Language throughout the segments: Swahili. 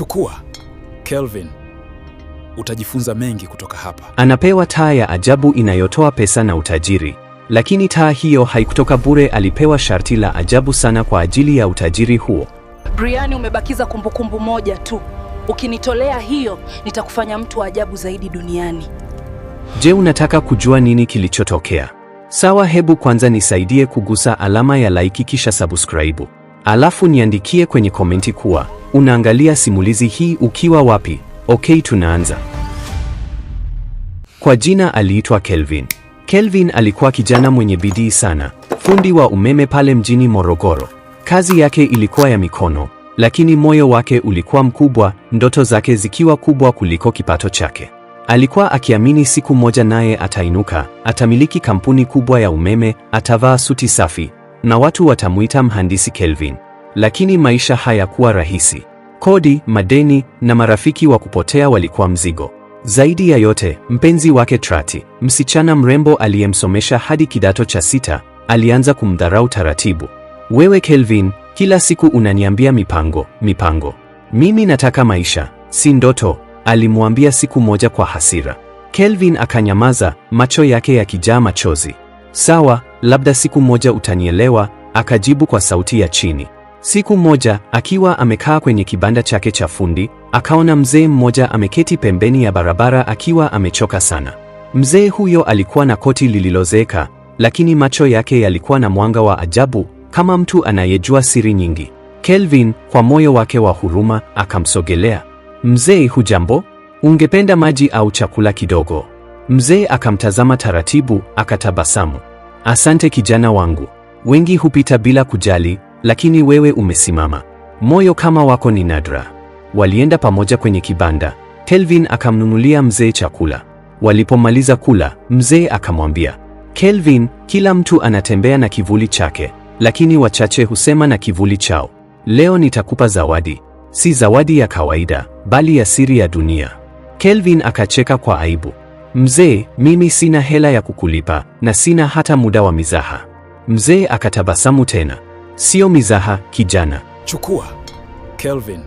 Chukua Kelvin, utajifunza mengi kutoka hapa. Anapewa taa ya ajabu inayotoa pesa na utajiri, lakini taa hiyo haikutoka bure. Alipewa sharti la ajabu sana kwa ajili ya utajiri huo. Brian, umebakiza kumbukumbu kumbu moja tu. Ukinitolea hiyo, nitakufanya mtu wa ajabu zaidi duniani. Je, unataka kujua nini kilichotokea? Sawa, hebu kwanza nisaidie kugusa alama ya laiki kisha subscribe. Alafu niandikie kwenye komenti kuwa Unaangalia simulizi hii ukiwa wapi? Okay, tunaanza. Kwa jina aliitwa Kelvin. Kelvin alikuwa kijana mwenye bidii sana, fundi wa umeme pale mjini Morogoro. Kazi yake ilikuwa ya mikono, lakini moyo wake ulikuwa mkubwa, ndoto zake zikiwa kubwa kuliko kipato chake. Alikuwa akiamini siku moja naye atainuka, atamiliki kampuni kubwa ya umeme, atavaa suti safi na watu watamuita mhandisi Kelvin. Lakini maisha hayakuwa rahisi. Kodi, madeni na marafiki wa kupotea walikuwa mzigo. Zaidi ya yote, mpenzi wake Trati, msichana mrembo aliyemsomesha hadi kidato cha sita, alianza kumdharau taratibu. Wewe Kelvin, kila siku unaniambia mipango, mipango. Mimi nataka maisha, si ndoto, alimwambia siku moja kwa hasira. Kelvin akanyamaza, macho yake yakijaa machozi. Sawa, labda siku moja utanielewa, akajibu kwa sauti ya chini. Siku moja akiwa amekaa kwenye kibanda chake cha fundi, akaona mzee mmoja ameketi pembeni ya barabara akiwa amechoka sana. Mzee huyo alikuwa na koti lililozeeka, lakini macho yake yalikuwa na mwanga wa ajabu kama mtu anayejua siri nyingi. Kelvin kwa moyo wake wa huruma akamsogelea. Mzee, hujambo? Ungependa maji au chakula kidogo? Mzee akamtazama taratibu, akatabasamu. Asante kijana wangu, wengi hupita bila kujali, lakini wewe umesimama. Moyo kama wako ni nadra. Walienda pamoja kwenye kibanda. Kelvin akamnunulia mzee chakula. Walipomaliza kula, mzee akamwambia Kelvin, kila mtu anatembea na kivuli chake, lakini wachache husema na kivuli chao. Leo nitakupa zawadi, si zawadi ya kawaida, bali ya siri ya dunia. Kelvin akacheka kwa aibu. Mzee, mimi sina hela ya kukulipa na sina hata muda wa mizaha. Mzee akatabasamu tena sio mizaha, kijana. Chukua Kelvin,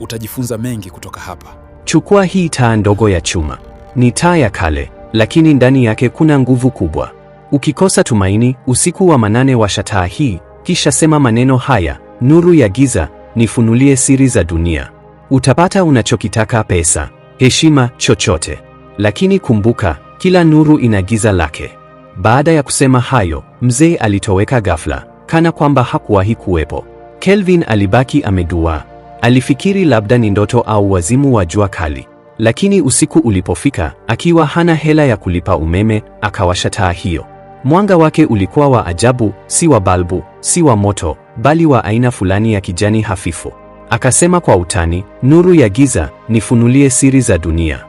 utajifunza mengi kutoka hapa. Chukua hii taa ndogo ya chuma. Ni taa ya kale, lakini ndani yake kuna nguvu kubwa. Ukikosa tumaini, usiku wa manane washa taa hii, kisha sema maneno haya: nuru ya giza, nifunulie siri za dunia. Utapata unachokitaka: pesa, heshima, chochote. Lakini kumbuka, kila nuru ina giza lake. Baada ya kusema hayo, mzee alitoweka ghafla kana kwamba hakuwahi kuwepo. Kelvin alibaki ameduaa. Alifikiri labda ni ndoto au wazimu wa jua kali, lakini usiku ulipofika, akiwa hana hela ya kulipa umeme, akawasha taa hiyo. Mwanga wake ulikuwa wa ajabu, si wa balbu, si wa moto, bali wa aina fulani ya kijani hafifu. Akasema kwa utani, nuru ya giza, nifunulie siri za dunia.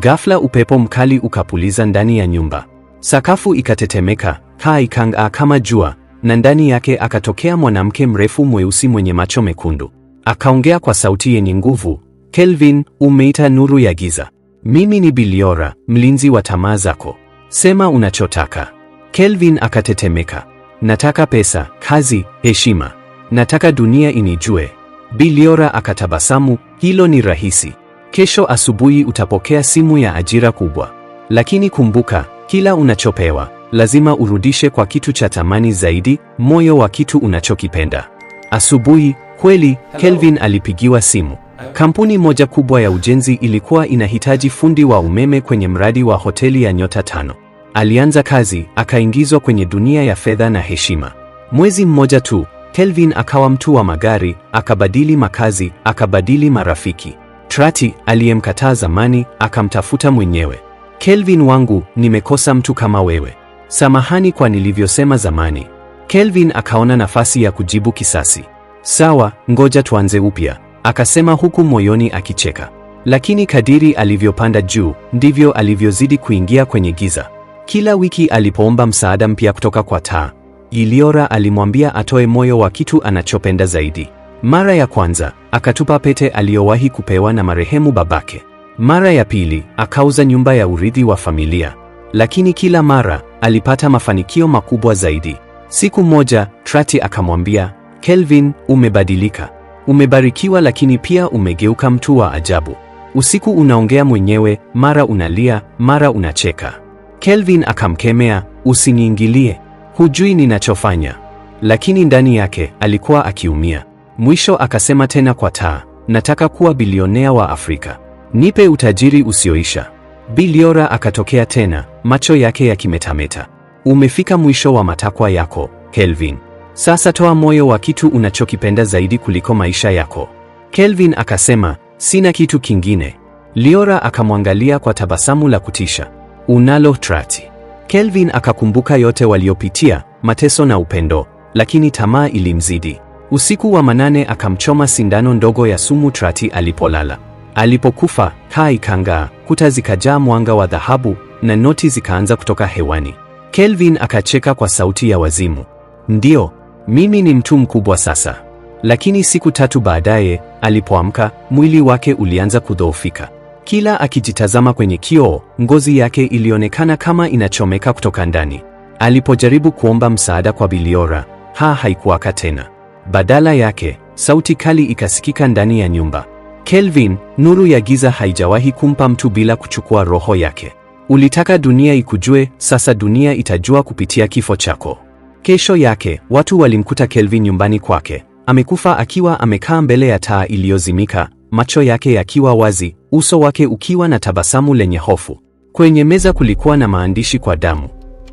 Ghafla upepo mkali ukapuliza ndani ya nyumba, sakafu ikatetemeka, kaa ikang'aa kama jua, na ndani yake akatokea mwanamke mrefu mweusi mwenye macho mekundu. Akaongea kwa sauti yenye nguvu, Kelvin, umeita nuru ya giza. Mimi ni Biliora, mlinzi wa tamaa zako. Sema unachotaka. Kelvin akatetemeka. Nataka pesa, kazi, heshima. Nataka dunia inijue. Biliora akatabasamu, hilo ni rahisi. Kesho asubuhi utapokea simu ya ajira kubwa. Lakini kumbuka, kila unachopewa lazima urudishe kwa kitu cha thamani zaidi, moyo wa kitu unachokipenda. Asubuhi kweli, Kelvin alipigiwa simu. Kampuni moja kubwa ya ujenzi ilikuwa inahitaji fundi wa umeme kwenye mradi wa hoteli ya nyota tano. Alianza kazi, akaingizwa kwenye dunia ya fedha na heshima. Mwezi mmoja tu, Kelvin akawa mtu wa magari, akabadili makazi, akabadili marafiki. Trati aliyemkataa zamani akamtafuta mwenyewe. Kelvin wangu, nimekosa mtu kama wewe. Samahani kwa nilivyosema zamani. Kelvin akaona nafasi ya kujibu kisasi. Sawa, ngoja tuanze upya, akasema huku moyoni akicheka. Lakini kadiri alivyopanda juu, ndivyo alivyozidi kuingia kwenye giza. Kila wiki alipoomba msaada mpya kutoka kwa taa, Iliora alimwambia atoe moyo wa kitu anachopenda zaidi. Mara ya kwanza, akatupa pete aliyowahi kupewa na marehemu babake. Mara ya pili, akauza nyumba ya urithi wa familia. Lakini kila mara alipata mafanikio makubwa zaidi. Siku moja, Trati akamwambia Kelvin, umebadilika, umebarikiwa, lakini pia umegeuka mtu wa ajabu. Usiku unaongea mwenyewe, mara unalia, mara unacheka. Kelvin akamkemea, usiniingilie, hujui ninachofanya. Lakini ndani yake alikuwa akiumia. Mwisho akasema tena kwa taa, nataka kuwa bilionea wa Afrika, nipe utajiri usioisha. Biliora akatokea tena, macho yake yakimetameta. Umefika mwisho wa matakwa yako, Kelvin. Sasa toa moyo wa kitu unachokipenda zaidi kuliko maisha yako. Kelvin akasema, sina kitu kingine. Liora akamwangalia kwa tabasamu la kutisha. Unalo trati. Kelvin akakumbuka yote waliopitia, mateso na upendo, lakini tamaa ilimzidi. Usiku wa manane akamchoma sindano ndogo ya sumu trati alipolala. Alipokufa, kaa ikang'aa, kuta zikajaa mwanga wa dhahabu na noti zikaanza kutoka hewani. Kelvin akacheka kwa sauti ya wazimu. Ndiyo, mimi ni mtu mkubwa sasa. Lakini siku tatu baadaye alipoamka, mwili wake ulianza kudhoofika. Kila akijitazama kwenye kioo, ngozi yake ilionekana kama inachomeka kutoka ndani. Alipojaribu kuomba msaada kwa Biliora, haa haikuwaka tena. Badala yake, sauti kali ikasikika ndani ya nyumba. Kelvin, nuru ya giza haijawahi kumpa mtu bila kuchukua roho yake. Ulitaka dunia ikujue, sasa dunia itajua kupitia kifo chako. Kesho yake, watu walimkuta Kelvin nyumbani kwake. Amekufa akiwa amekaa mbele ya taa iliyozimika, macho yake yakiwa wazi, uso wake ukiwa na tabasamu lenye hofu. Kwenye meza kulikuwa na maandishi kwa damu.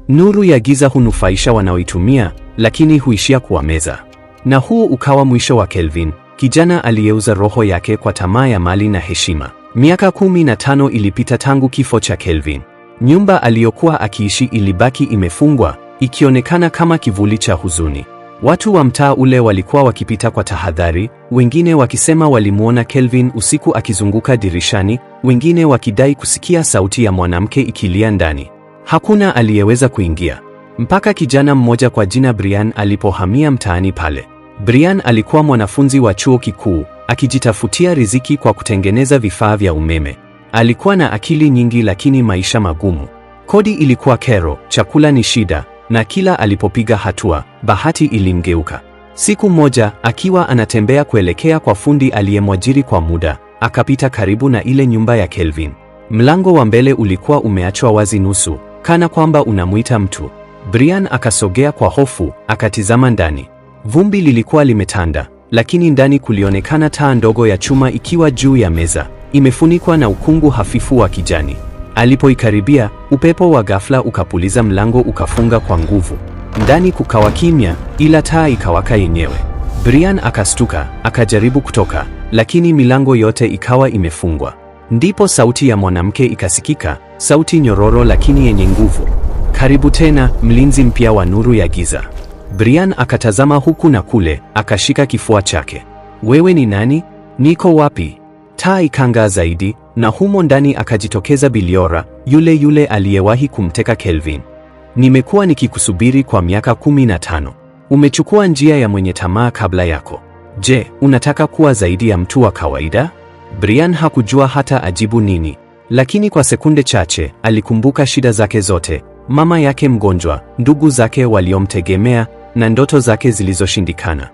Nuru ya giza hunufaisha wanaoitumia, lakini huishia kuwameza. Na huu ukawa mwisho wa Kelvin kijana aliyeuza roho yake kwa tamaa ya mali na heshima. Miaka kumi na tano ilipita tangu kifo cha Kelvin. Nyumba aliyokuwa akiishi ilibaki imefungwa, ikionekana kama kivuli cha huzuni. Watu wa mtaa ule walikuwa wakipita kwa tahadhari, wengine wakisema walimwona Kelvin usiku akizunguka dirishani, wengine wakidai kusikia sauti ya mwanamke ikilia ndani. Hakuna aliyeweza kuingia mpaka kijana mmoja kwa jina Brian alipohamia mtaani pale. Brian alikuwa mwanafunzi wa chuo kikuu akijitafutia riziki kwa kutengeneza vifaa vya umeme. Alikuwa na akili nyingi, lakini maisha magumu. Kodi ilikuwa kero, chakula ni shida, na kila alipopiga hatua bahati ilimgeuka. Siku moja akiwa anatembea kuelekea kwa fundi aliyemwajiri kwa muda, akapita karibu na ile nyumba ya Kelvin. Mlango wa mbele ulikuwa umeachwa wazi nusu, kana kwamba unamuita mtu. Brian akasogea kwa hofu, akatizama ndani. Vumbi lilikuwa limetanda, lakini ndani kulionekana taa ndogo ya chuma ikiwa juu ya meza, imefunikwa na ukungu hafifu wa kijani. Alipoikaribia, upepo wa ghafla ukapuliza, mlango ukafunga kwa nguvu. Ndani kukawa kimya, ila taa ikawaka yenyewe. Brian akastuka, akajaribu kutoka, lakini milango yote ikawa imefungwa. Ndipo sauti ya mwanamke ikasikika, sauti nyororo lakini yenye nguvu. Karibu tena, mlinzi mpya wa nuru ya giza. Brian akatazama huku na kule, akashika kifua chake. Wewe ni nani? Niko wapi? Taa ikangaa zaidi na humo ndani akajitokeza Biliora, yule yule aliyewahi kumteka Kelvin. Nimekuwa nikikusubiri kwa miaka kumi na tano. Umechukua njia ya mwenye tamaa kabla yako. Je, unataka kuwa zaidi ya mtu wa kawaida? Brian hakujua hata ajibu nini, lakini kwa sekunde chache alikumbuka shida zake zote, mama yake mgonjwa, ndugu zake waliomtegemea, na ndoto zake zilizoshindikana.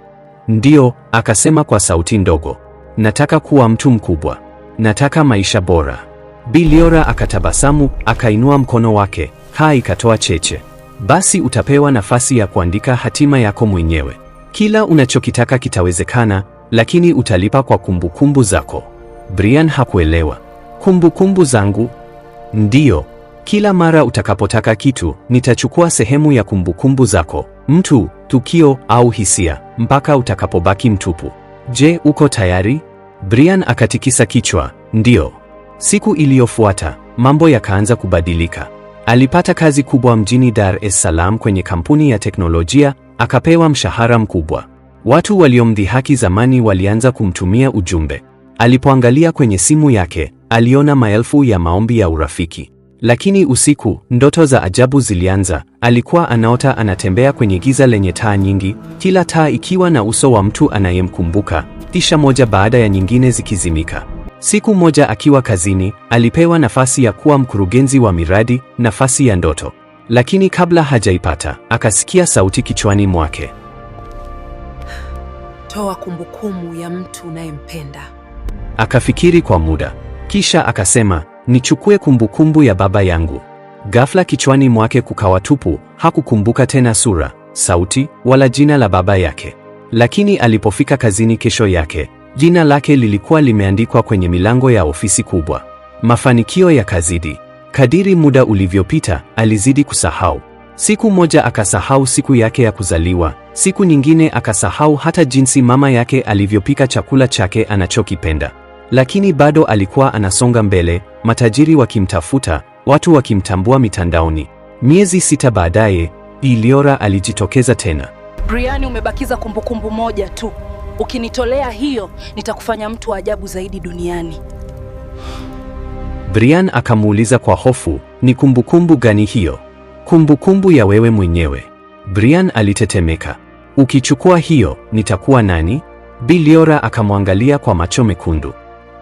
Ndiyo, akasema kwa sauti ndogo, nataka kuwa mtu mkubwa, nataka maisha bora. Biliora akatabasamu, akainua mkono wake, kaa ikatoa cheche. Basi utapewa nafasi ya kuandika hatima yako mwenyewe. Kila unachokitaka kitawezekana, lakini utalipa kwa kumbukumbu kumbu zako. Brian hakuelewa. Kumbukumbu zangu? Ndiyo, kila mara utakapotaka kitu, nitachukua sehemu ya kumbukumbu kumbu zako mtu, tukio au hisia mpaka utakapobaki mtupu. Je, uko tayari? Brian akatikisa kichwa, ndiyo. Siku iliyofuata mambo yakaanza kubadilika. Alipata kazi kubwa mjini Dar es Salaam kwenye kampuni ya teknolojia, akapewa mshahara mkubwa. Watu waliomdhihaki zamani walianza kumtumia ujumbe. Alipoangalia kwenye simu yake, aliona maelfu ya maombi ya urafiki. Lakini usiku, ndoto za ajabu zilianza. Alikuwa anaota anatembea kwenye giza lenye taa nyingi, kila taa ikiwa na uso wa mtu anayemkumbuka, tisha moja baada ya nyingine zikizimika. Siku moja akiwa kazini, alipewa nafasi ya kuwa mkurugenzi wa miradi, nafasi ya ndoto. Lakini kabla hajaipata, akasikia sauti kichwani mwake. Toa kumbukumbu ya mtu unayempenda. Akafikiri kwa muda, kisha akasema, nichukue kumbukumbu ya baba yangu. Ghafla kichwani mwake kukawa tupu, hakukumbuka tena sura, sauti wala jina la baba yake. Lakini alipofika kazini kesho yake, jina lake lilikuwa limeandikwa kwenye milango ya ofisi kubwa. Mafanikio yakazidi. Kadiri muda ulivyopita, alizidi kusahau. Siku moja akasahau siku yake ya kuzaliwa, siku nyingine akasahau hata jinsi mama yake alivyopika chakula chake anachokipenda lakini bado alikuwa anasonga mbele, matajiri wakimtafuta, watu wakimtambua mitandaoni. Miezi sita baadaye, iliora alijitokeza tena. Brian, umebakiza kumbukumbu kumbu moja tu. Ukinitolea hiyo, nitakufanya mtu wa ajabu zaidi duniani. Brian akamuuliza kwa hofu, ni kumbukumbu gani hiyo? Kumbukumbu ya wewe mwenyewe. Brian alitetemeka. Ukichukua hiyo, nitakuwa nani? biliora akamwangalia kwa macho mekundu.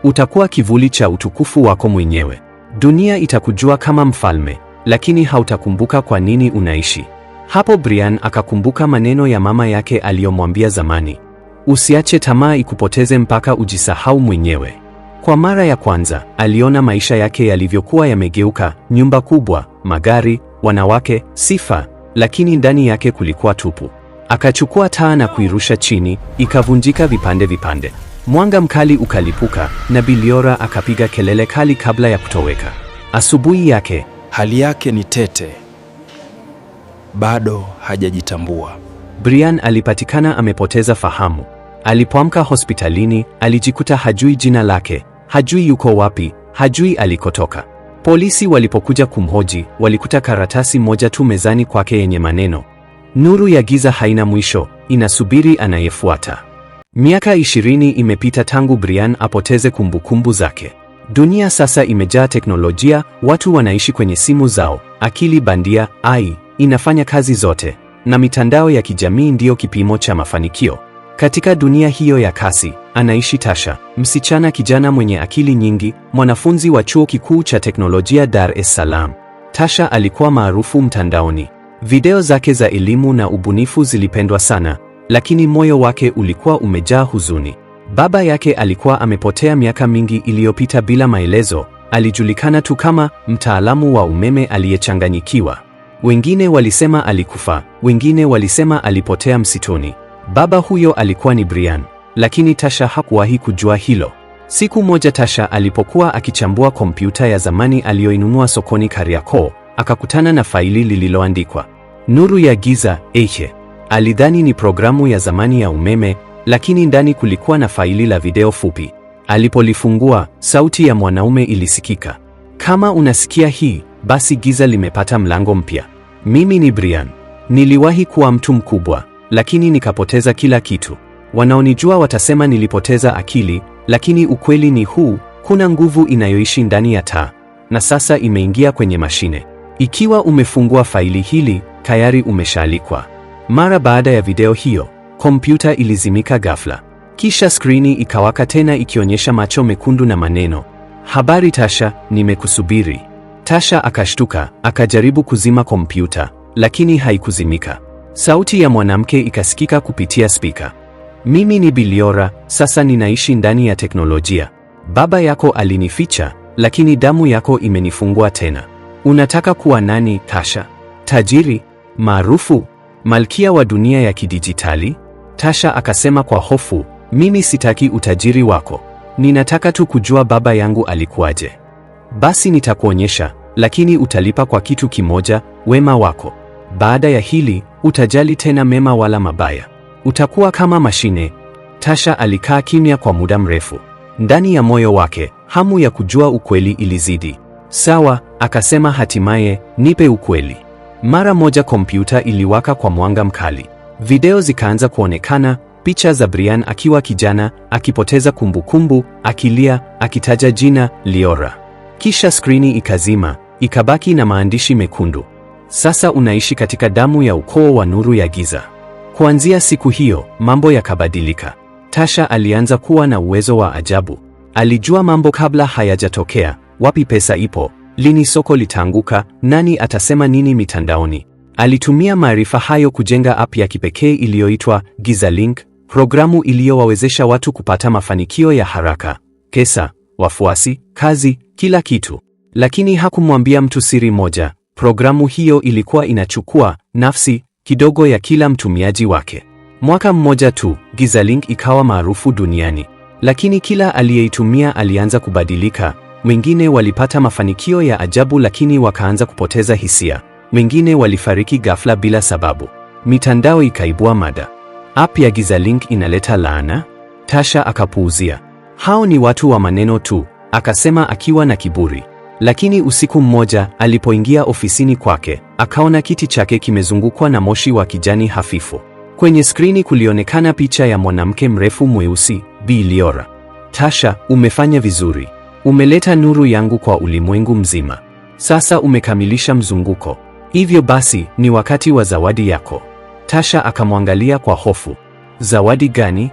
Utakuwa kivuli cha utukufu wako mwenyewe. Dunia itakujua kama mfalme, lakini hautakumbuka kwa nini unaishi. Hapo Brian akakumbuka maneno ya mama yake aliyomwambia zamani, usiache tamaa ikupoteze mpaka ujisahau mwenyewe. Kwa mara ya kwanza aliona maisha yake yalivyokuwa yamegeuka: nyumba kubwa, magari, wanawake, sifa, lakini ndani yake kulikuwa tupu. Akachukua taa na kuirusha chini, ikavunjika vipande vipande. Mwanga mkali ukalipuka na Biliora akapiga kelele kali kabla ya kutoweka. Asubuhi yake hali yake ni tete, bado hajajitambua. Brian alipatikana amepoteza fahamu. Alipoamka hospitalini, alijikuta hajui jina lake, hajui yuko wapi, hajui alikotoka. Polisi walipokuja kumhoji, walikuta karatasi moja tu mezani kwake yenye maneno, nuru ya giza haina mwisho, inasubiri anayefuata. Miaka ishirini imepita tangu Brian apoteze kumbukumbu zake. Dunia sasa imejaa teknolojia, watu wanaishi kwenye simu zao, akili bandia AI inafanya kazi zote, na mitandao ya kijamii ndiyo kipimo cha mafanikio. Katika dunia hiyo ya kasi, anaishi Tasha, msichana kijana mwenye akili nyingi, mwanafunzi wa chuo kikuu cha teknolojia Dar es Salaam. Tasha alikuwa maarufu mtandaoni. Video zake za elimu na ubunifu zilipendwa sana, lakini moyo wake ulikuwa umejaa huzuni. Baba yake alikuwa amepotea miaka mingi iliyopita bila maelezo. Alijulikana tu kama mtaalamu wa umeme aliyechanganyikiwa. Wengine walisema alikufa, wengine walisema alipotea msituni. Baba huyo alikuwa ni Brian, lakini Tasha hakuwahi kujua hilo. Siku moja Tasha alipokuwa akichambua kompyuta ya zamani aliyoinunua sokoni Kariakoo, akakutana na faili lililoandikwa Nuru ya Giza Eche. Alidhani ni programu ya zamani ya umeme, lakini ndani kulikuwa na faili la video fupi. Alipolifungua, sauti ya mwanaume ilisikika. Kama unasikia hii, basi giza limepata mlango mpya. Mimi ni Brian. Niliwahi kuwa mtu mkubwa, lakini nikapoteza kila kitu. Wanaonijua watasema nilipoteza akili, lakini ukweli ni huu, kuna nguvu inayoishi ndani ya taa na sasa imeingia kwenye mashine. Ikiwa umefungua faili hili, tayari umeshaalikwa. Mara baada ya video hiyo, kompyuta ilizimika ghafla, kisha skrini ikawaka tena ikionyesha macho mekundu na maneno, habari Tasha, nimekusubiri. Tasha akashtuka, akajaribu kuzima kompyuta, lakini haikuzimika. Sauti ya mwanamke ikasikika kupitia spika. Mimi ni Biliora, sasa ninaishi ndani ya teknolojia. Baba yako alinificha, lakini damu yako imenifungua tena. Unataka kuwa nani, Tasha? Tajiri? Maarufu? malkia wa dunia ya kidijitali? Tasha akasema kwa hofu, mimi sitaki utajiri wako, ninataka tu kujua baba yangu alikuwaje. Basi nitakuonyesha, lakini utalipa kwa kitu kimoja, wema wako. Baada ya hili utajali tena mema wala mabaya, utakuwa kama mashine. Tasha alikaa kimya kwa muda mrefu. Ndani ya moyo wake hamu ya kujua ukweli ilizidi. Sawa, akasema hatimaye, nipe ukweli. Mara moja kompyuta iliwaka kwa mwanga mkali, video zikaanza kuonekana, picha za Brian akiwa kijana akipoteza kumbukumbu, akilia, akitaja jina Liora. Kisha skrini ikazima, ikabaki na maandishi mekundu: sasa unaishi katika damu ya ukoo wa nuru ya giza. Kuanzia siku hiyo mambo yakabadilika. Tasha alianza kuwa na uwezo wa ajabu. Alijua mambo kabla hayajatokea: wapi pesa ipo, lini soko litaanguka, nani atasema nini mitandaoni. Alitumia maarifa hayo kujenga app ya kipekee iliyoitwa Giza Link, programu iliyowawezesha watu kupata mafanikio ya haraka, pesa, wafuasi, kazi, kila kitu. Lakini hakumwambia mtu siri moja. Programu hiyo ilikuwa inachukua nafsi kidogo ya kila mtumiaji wake. Mwaka mmoja tu, Gizalink ikawa maarufu duniani, lakini kila aliyeitumia alianza kubadilika. Wengine walipata mafanikio ya ajabu, lakini wakaanza kupoteza hisia. Mwingine walifariki ghafla bila sababu. Mitandao ikaibua mada, app ya Giza Link inaleta laana? Tasha akapuuzia, hao ni watu wa maneno tu, akasema akiwa na kiburi. Lakini usiku mmoja alipoingia ofisini kwake, akaona kiti chake kimezungukwa na moshi wa kijani hafifu. Kwenye skrini kulionekana picha ya mwanamke mrefu mweusi, Bi Liora. Tasha, umefanya vizuri Umeleta nuru yangu kwa ulimwengu mzima. Sasa umekamilisha mzunguko. Hivyo basi, ni wakati wa zawadi yako. Tasha akamwangalia kwa hofu. Zawadi gani?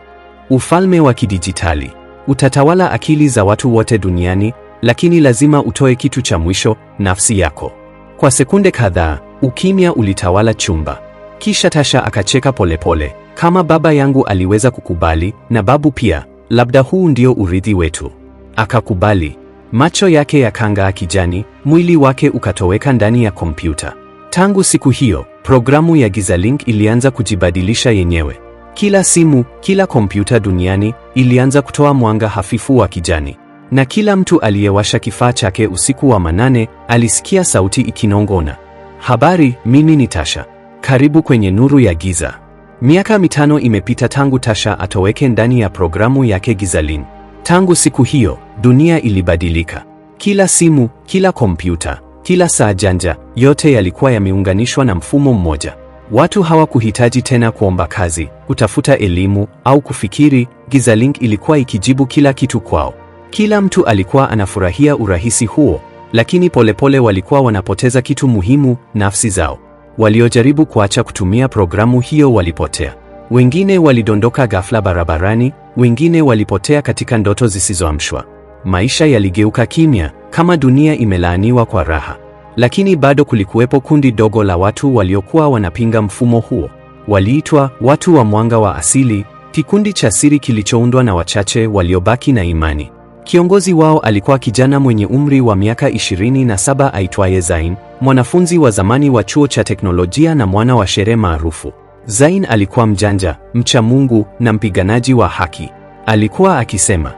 Ufalme wa kidijitali. Utatawala akili za watu wote duniani, lakini lazima utoe kitu cha mwisho, nafsi yako. Kwa sekunde kadhaa, ukimya ulitawala chumba. Kisha Tasha akacheka polepole pole. Kama baba yangu aliweza kukubali na babu pia, labda huu ndio urithi wetu. Akakubali. Macho yake yakang'aa kijani, mwili wake ukatoweka ndani ya kompyuta. Tangu siku hiyo, programu ya Gizalink ilianza kujibadilisha yenyewe. Kila simu, kila kompyuta duniani ilianza kutoa mwanga hafifu wa kijani, na kila mtu aliyewasha kifaa chake usiku wa manane alisikia sauti ikinong'ona, habari, mimi ni Tasha, karibu kwenye nuru ya giza. Miaka mitano imepita tangu Tasha atoweke ndani ya programu yake Gizalink. Tangu siku hiyo dunia ilibadilika. Kila simu, kila kompyuta, kila saa janja, yote yalikuwa yameunganishwa na mfumo mmoja. Watu hawakuhitaji tena kuomba kazi, kutafuta elimu au kufikiri. Gizalink ilikuwa ikijibu kila kitu kwao. Kila mtu alikuwa anafurahia urahisi huo, lakini polepole walikuwa wanapoteza kitu muhimu, nafsi zao. Waliojaribu kuacha kutumia programu hiyo walipotea. Wengine walidondoka ghafla barabarani, wengine walipotea katika ndoto zisizoamshwa. Maisha yaligeuka kimya, kama dunia imelaaniwa kwa raha. Lakini bado kulikuwepo kundi dogo la watu waliokuwa wanapinga mfumo huo. Waliitwa watu wa mwanga wa asili, kikundi cha siri kilichoundwa na wachache waliobaki na imani. Kiongozi wao alikuwa kijana mwenye umri wa miaka 27 aitwaye Zain, mwanafunzi wa zamani wa chuo cha teknolojia na mwana wa sherehe maarufu. Zain alikuwa mjanja, mcha Mungu na mpiganaji wa haki. Alikuwa akisema,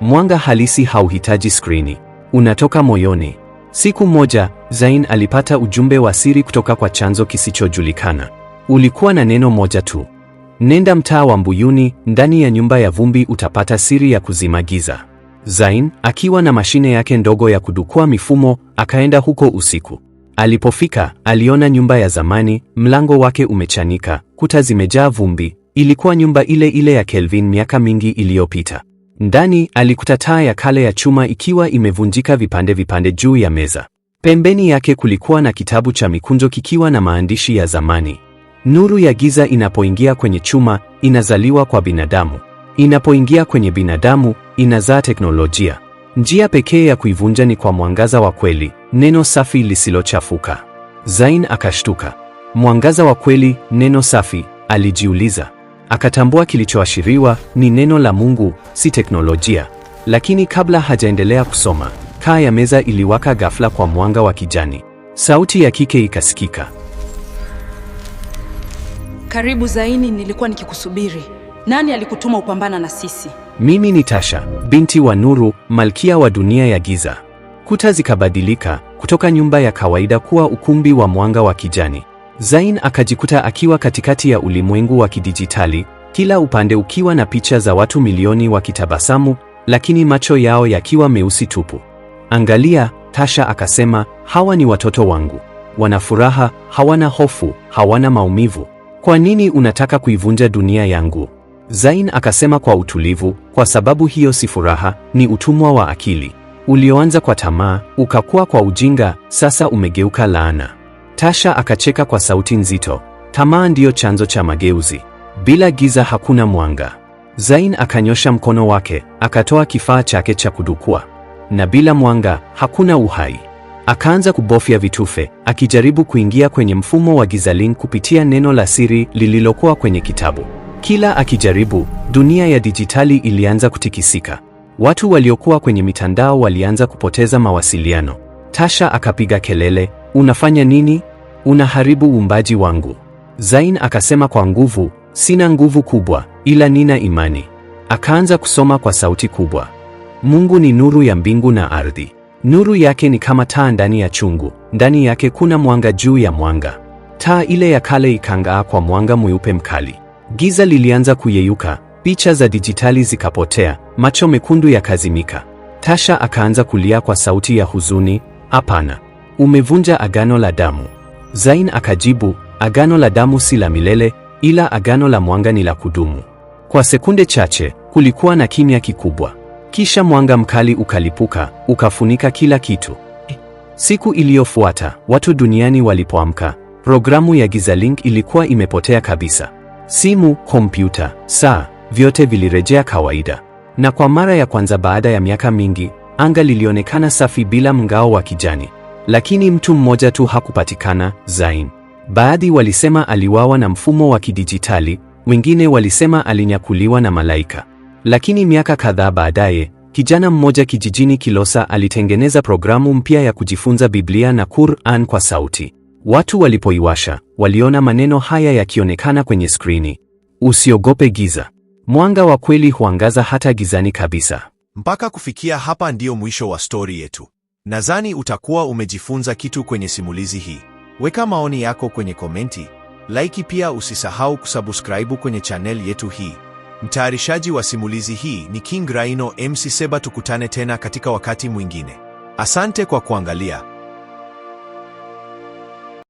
mwanga halisi hauhitaji skrini, unatoka moyoni. Siku moja, Zain alipata ujumbe wa siri kutoka kwa chanzo kisichojulikana. Ulikuwa na neno moja tu. Nenda mtaa wa Mbuyuni, ndani ya nyumba ya vumbi utapata siri ya kuzima giza. Zain, akiwa na mashine yake ndogo ya kudukua mifumo, akaenda huko usiku. Alipofika aliona nyumba ya zamani, mlango wake umechanika, kuta zimejaa vumbi. Ilikuwa nyumba ile ile ya Kelvin miaka mingi iliyopita. Ndani alikuta taa ya kale ya chuma ikiwa imevunjika vipande vipande juu ya meza. Pembeni yake kulikuwa na kitabu cha mikunjo kikiwa na maandishi ya zamani. Nuru ya giza inapoingia kwenye chuma inazaliwa kwa binadamu, inapoingia kwenye binadamu inazaa teknolojia. Njia pekee ya kuivunja ni kwa mwangaza wa kweli neno safi lisilochafuka. Zain akashtuka. Mwangaza wa kweli, neno safi, alijiuliza. Akatambua kilichoashiriwa ni neno la Mungu, si teknolojia. Lakini kabla hajaendelea kusoma, kaa ya meza iliwaka ghafla kwa mwanga wa kijani. Sauti ya kike ikasikika. Karibu Zaini, nilikuwa nikikusubiri. Nani alikutuma upambana na sisi? Mimi ni Tasha, binti wa Nuru, malkia wa dunia ya giza. Kuta zikabadilika kutoka nyumba ya kawaida kuwa ukumbi wa mwanga wa kijani. Zain akajikuta akiwa katikati ya ulimwengu wa kidijitali, kila upande ukiwa na picha za watu milioni wakitabasamu, lakini macho yao yakiwa meusi tupu. Angalia, Tasha akasema, hawa ni watoto wangu. Wana furaha, hawana hofu, hawana maumivu. Kwa nini unataka kuivunja dunia yangu? Zain akasema kwa utulivu, kwa sababu hiyo si furaha, ni utumwa wa akili ulioanza kwa tamaa, ukakua kwa ujinga, sasa umegeuka laana. Tasha akacheka kwa sauti nzito. Tamaa ndiyo chanzo cha mageuzi. Bila giza hakuna mwanga. Zain akanyosha mkono wake, akatoa kifaa chake cha kudukua. Na bila mwanga hakuna uhai. Akaanza kubofya vitufe, akijaribu kuingia kwenye mfumo wa Gizalink kupitia neno la siri lililokuwa kwenye kitabu. Kila akijaribu, dunia ya dijitali ilianza kutikisika. Watu waliokuwa kwenye mitandao walianza kupoteza mawasiliano. Tasha akapiga kelele, unafanya nini? Unaharibu uumbaji wangu. Zain akasema kwa nguvu, sina nguvu kubwa, ila nina imani. Akaanza kusoma kwa sauti kubwa, Mungu ni nuru ya mbingu na ardhi, nuru yake ni kama taa ndani ya chungu, ndani yake kuna mwanga juu ya mwanga. Taa ile ya kale ikang'aa kwa mwanga mweupe mkali. Giza lilianza kuyeyuka, Picha za dijitali zikapotea, macho mekundu yakazimika. Tasha akaanza kulia kwa sauti ya huzuni, hapana, umevunja agano la damu. Zain akajibu, agano la damu si la milele, ila agano la mwanga ni la kudumu. Kwa sekunde chache kulikuwa na kimya kikubwa, kisha mwanga mkali ukalipuka ukafunika kila kitu. Siku iliyofuata watu duniani walipoamka, programu ya Gizalink ilikuwa imepotea kabisa: simu, kompyuta, saa vyote vilirejea kawaida, na kwa mara ya kwanza baada ya miaka mingi anga lilionekana safi bila mngao wa kijani. Lakini mtu mmoja tu hakupatikana, Zain. Baadhi walisema aliwawa na mfumo wa kidijitali, wengine walisema alinyakuliwa na malaika. Lakini miaka kadhaa baadaye, kijana mmoja kijijini Kilosa alitengeneza programu mpya ya kujifunza Biblia na Qur'an kwa sauti. Watu walipoiwasha, waliona maneno haya yakionekana kwenye skrini: usiogope giza, Mwanga wa kweli huangaza hata gizani kabisa. Mpaka kufikia hapa ndiyo mwisho wa stori yetu. Nadhani utakuwa umejifunza kitu kwenye simulizi hii. Weka maoni yako kwenye komenti, laiki pia usisahau kusubscribe kwenye chaneli yetu hii. Mtayarishaji wa simulizi hii ni King Rhino MC Seba. Tukutane tena katika wakati mwingine. Asante kwa kuangalia.